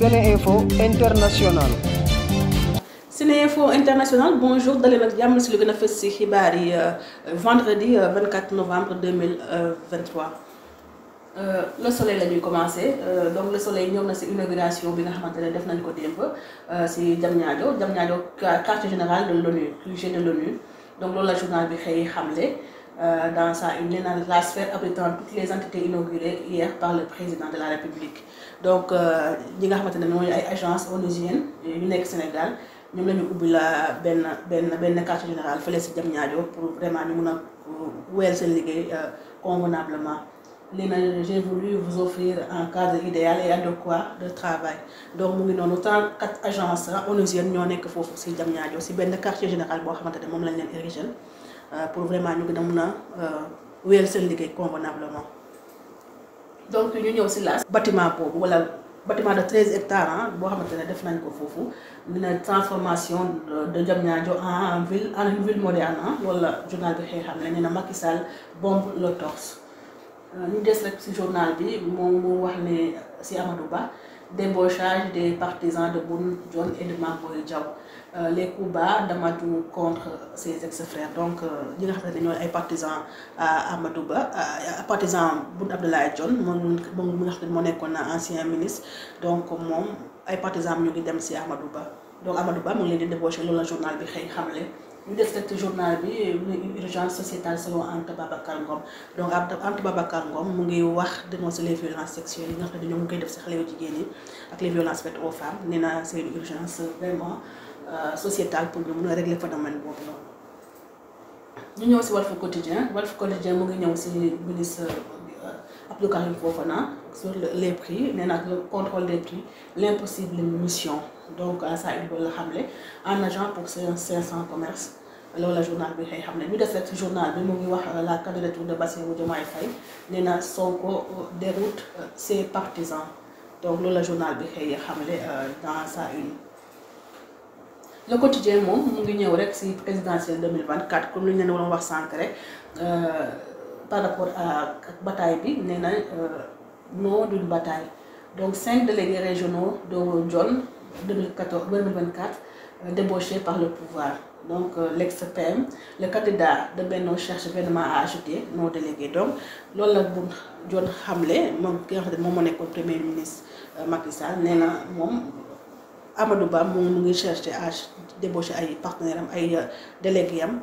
Sénéinfo International. Sénéinfo International bonjour daleen ak jàmm si lu gën a fës si xibaar yi euh, vendredi 24 euh, novembre 2023. Euh, euh, le soleil la ñuy commencé euh, donc le soleil ñëw na ci inauguration bi nga xamante ne def nañ ko démb ci Diamniadio Diamniadio quartier général de l'ONU QG de l'ONU donc loolu la journal bi xëy xamle Euh, dans ça, une la sphère abritant toutes les entités inaugurées hier par le président de la République. Donc, euh, nous avons une agence onusienne, une ex-Sénégal, nous avons ouvert la benn ben ben quartier général, fallait se pour vraiment nous pour, pour, pour, seen pour, euh, convenablement. lii j'ai voulu vous offrir un cadre idéal et adéquat de travail donc mu ngi noonu 34 agences onusiennes ñoo nekk foofu si Diamniadio si benn quartier général boo xamante ne moom lañ leen érigé euh, pour vraiment ñu gën a mun a euh, seen liggéey convenablement donc ñu ñëw si la bâtiment boobu wala bâtiment de 13 hectares boo xamante ne def nañ ko foofu dina transformation de Diamniadio en ville en une ville moderne loolu la journal bi xëy xam ne na Macky Sall le torse Euh, ñu des rek ci journal bi moom mu wax ne ci Amadou Ba débauchage des partisans de Boun Dionne et de Mame Boye Diao euh, les coups bas d'Amadou contre ses ex donc euh, ñi nga xam ne ñooy ay partisans Amadou Ba partisan Boun Abdallah Dionne moom moom mi nga xam ne moo nekkoon ancien ministre donc moom ay partisans ñu ngi dem ci Amadou Ba donc Amadou Ba mu ngi leen di débaucher loolu la journal bi xëy xamle. ñu def teg journal bi mu ne une urgence sociétale selon Anta Babacar Ngom donc Anta Babacar Ngom mu ngi wax dénoncer les violences sexuelles yi nga xam ne ñoom koy def si xale yu jigéen yi ak les violences faites aux femmes nee na c'est urgence vraiment euh, sociétale pour ñu mun a régler phénomène boobu noonu. ñu ñëw si Walf Quotidien Walf Quotidien mu ngi ñëw si ministre euh, Abdou Karim Fofana. sur le, les prix nee naa le contrôle des prix l'impossible mission donc ça il faut la xam xamle en agent pour ses 500 commerces loolu la journal bi xëy xam ne ñu def rek ci journal mu ngi wax la candidature de Bassirou Diomaye Faye nee na Sonko déroute ses partisans donc loolu la journal bi xëy xamle euh, dans sa une. le quotidien moom mu ngi ñëw rek ci présidentielle 2024 comme li ñu leen waroon wax sànq rek euh, par rapport à bataille bi nee na. Euh, non d'une bataille donc cinq délégués régionaux Doro Dione 2014 2024 débauchés par le pouvoir donc euh, l'ex-PM le candidat de Benno cherche vainement à ajouter nos délégués donc loolu la bu Dione xamle moom ki nga moom moo nekkoon premier ministre euh, Macky nee na moom Amadou Ba moom mu ngi chercher à débaucher ay partenaires ay euh, délégués am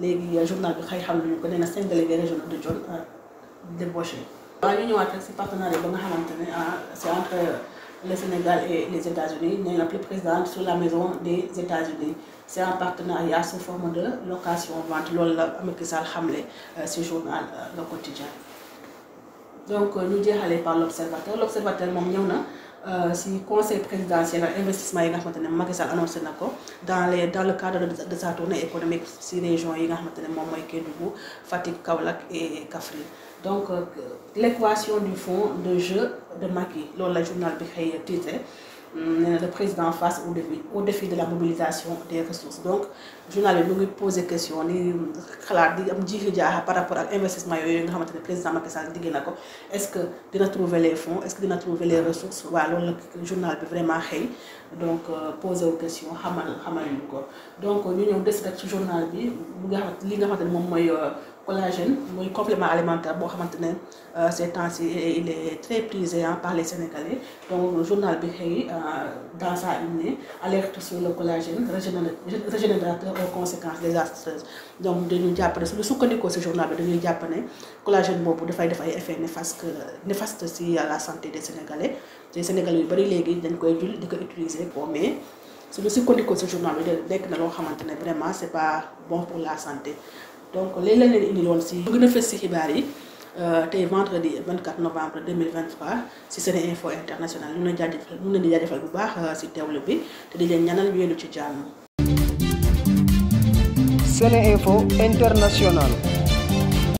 léegi journal bi xay xam lu ñu ko nee na cinq délégués régionaux de Dione débauchés. waaw ñu ñëwaat si partenariat ba nga xamante ne ah c'est entre le Sénégal et les États-Unis ñu la plus présente sur la maison des États-Unis c'est un partenariat sous forme de location vente lool la Macky Sall xamle euh, si journal euh, Le Quotidien donc euh, ñu jeexalee par l'observateur l'observateur moom ñëw na. Euh, si conseil présidentiel ak investissement yi nga xamante ne Macky Sall annoncé na ko dans les dans le cadre de sa tournée économique si région yi nga xamante ne moom mooy Kédougou Fatick Kaolack et Kaffrine donc euh, l'équation du fonds de jeu de Macky loolu la journal bi xëy titre nee na le président face au défi au défi de la mobilisation des ressources donc journal bi mu ngi posé question ni xalaat di am jiixi jaaxa par rapport ak investissement yooyu nga xamante ne président Macky Sall na ko est-ce que dina trouver les fonds est-ce que dina trouver les ressources waaw loolu la journal bi vraiment xëy donc euh, posé wu question xamal xamal ñu ko donc ñu ñëw des rek ci journal bi li nga xamante li nga xamante moom mooy. Euh, collagène muy complément alimentaire boo xamante ne euh, ces temps-ci il est très prisé par les Sénégalais donc journal bi xëy euh, dans sa une ne alerte le collagène régénérateur aux conséquences désastreuses donc dañuy jàpp ne sukkandikoo si journal bi dañuy jàpp ne collagène boobu dafay def ay effets néfaste néfaste si la santé des Sénégalais te sénégal yu bari léegi dañ koy jul di ko utiliser ko mais suñu sukkandikoo si journal bi nekk na loo xamante ne vraiment c'est pas bon pour la santé donc léegi la leen indi woon si gën a fës si xibaar yi euh, tey vendredi 24 novembre 2023 si Sene Info International ñu leen jaajëfal ñu leen di jaajëfal bu baax euh, si teewlu bi te di leen ñaanal wéelu ci jàmm Sene Info International